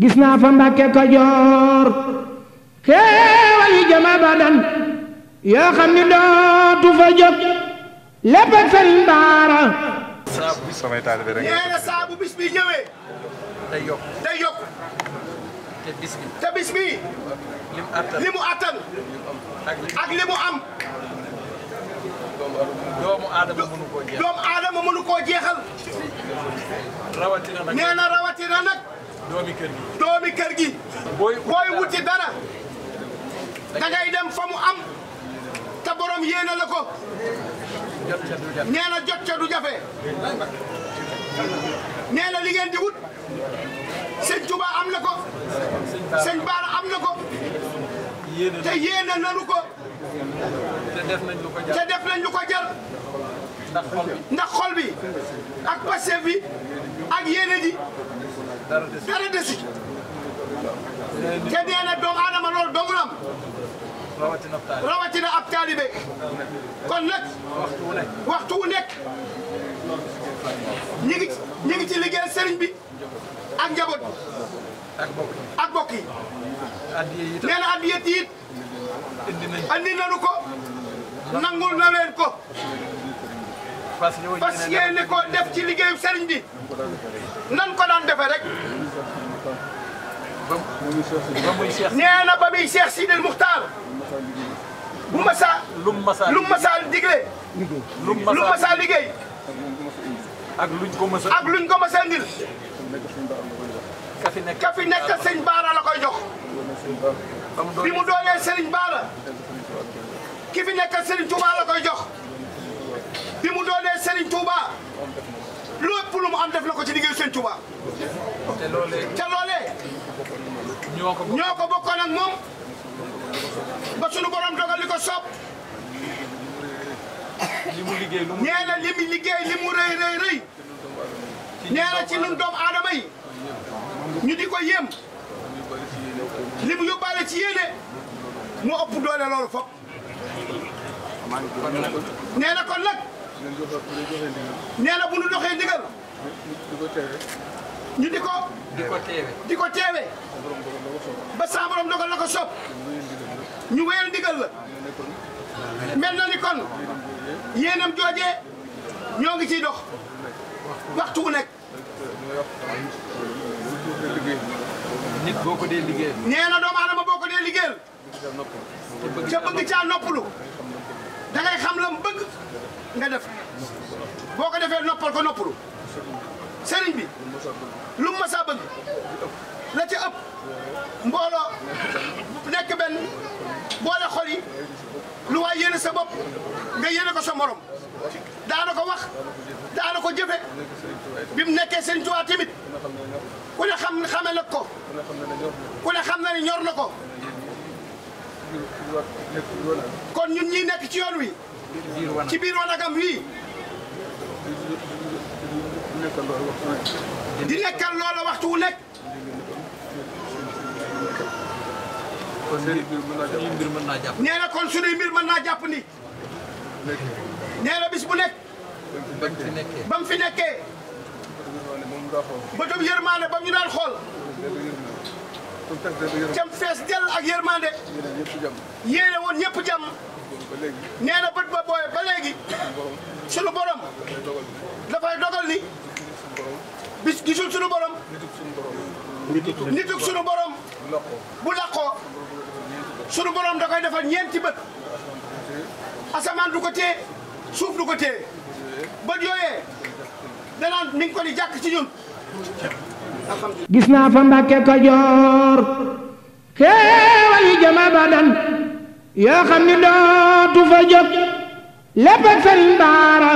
gis naa fa mbàkke kajoor xéewal yu jëm abadan yoo xam ni dootu fa jóg baara samay taalibe rek nee na saabu bis bi ñëwee day yokk day yokk te doomi kër gi. doomi booy booy wuti dara dangay dem fa mu am te borom yéene la ko. nee na jot ca du jafe. nee na di wut sëñ Touba am na ko. sëñ Baara am na ko. te yéene nanu ko. ko te def nañ lu ko jar. ndax xol bi ak passé bi ak yéene ji. dara desi te nee na doomu aadama loolu dong la rawatina ab taalibe kon nag waxtu wu nekk ñi ngi ñi ngi bi ak njaboot ak bokk yi ak bokk yi nee na addiyet nangul na leen fas yéene koo def ci liggéeyu sëriñ bi nan ko daan defee rek nee na ba muy Cheikh Sidil Muxtaar bu masa lum masa lum masa digle lum liggéey ak luñ ko masa ak luñ ko masa ndil ka fi nekk sëñ jox bi mu doonee sëriñ Baara ki nekk sëriñ Touba la koy jox bi mu liggéeyal Serigne Touba lépp lu mu am def na ko ci liggéeyu Serigne Touba. te loolee ñoo ko ñoo ko bokkoon ak moom ba sunu borom dogal li ko soob. li mu liggéey lu mu nee na li mu ci ñun doomu aadama ñu di ko yéem li mu ci yéene mu ëpp doole loolu fop nee na kon nee na bu ñu doxee ndigal. di di ko. di ko teewee. di ko teewee. ba saa borom la ko sopp. ñu wéyal ndigal la. mel na ni kon. yéenam joojee. ñoo ngi ciy dox. waxtu wu nekk. nit boo ko dee liggéeyal. nee na doomu boo ko dee liggéey ca bëgg caa noppalu. da ngay xam la mu nga def boo ko defee noppal ko noppalu sëriñ bi lu mu masa bëgg la ci ëpp mbooloo nekk benn boole xol yi lu waay yéene sa bopp nga yéene ko sa morom daana ko wax daana ko jëfe bi mu nekkee sëriñ Tuubaa tamit ku ne xam xame na ko ku ne xam na ne ñor na ko kon ñun ñi nekk ci yoon wi. ci biir wanagam wii. di nekkal loola waxtu wu nekk. kon suñuy mbir naa jàpp. nee na mbir mën naa jàpp ni. nee bis bu lekk ba mu fi nekkee ba mu fi nekkee. ba ñu daan xool. cam fees dell ak yërmande yéene woon ñëpp jàmm nee na bët ba booyee ba léegi sunu borom dafay dogal ni bis gisul sunu borom nitug sunu borom bu làqoo sunu borom dafay koy defal ñeenti bët asamaan du ko téye suuf du ko téye bët yooyee danaan ni ko ni jàkk ci ñun gis naa fa mbàkke ko joor xéewal yu jëm abadan yoo xam ni dootu fa jóg lépp ak sëriñ baara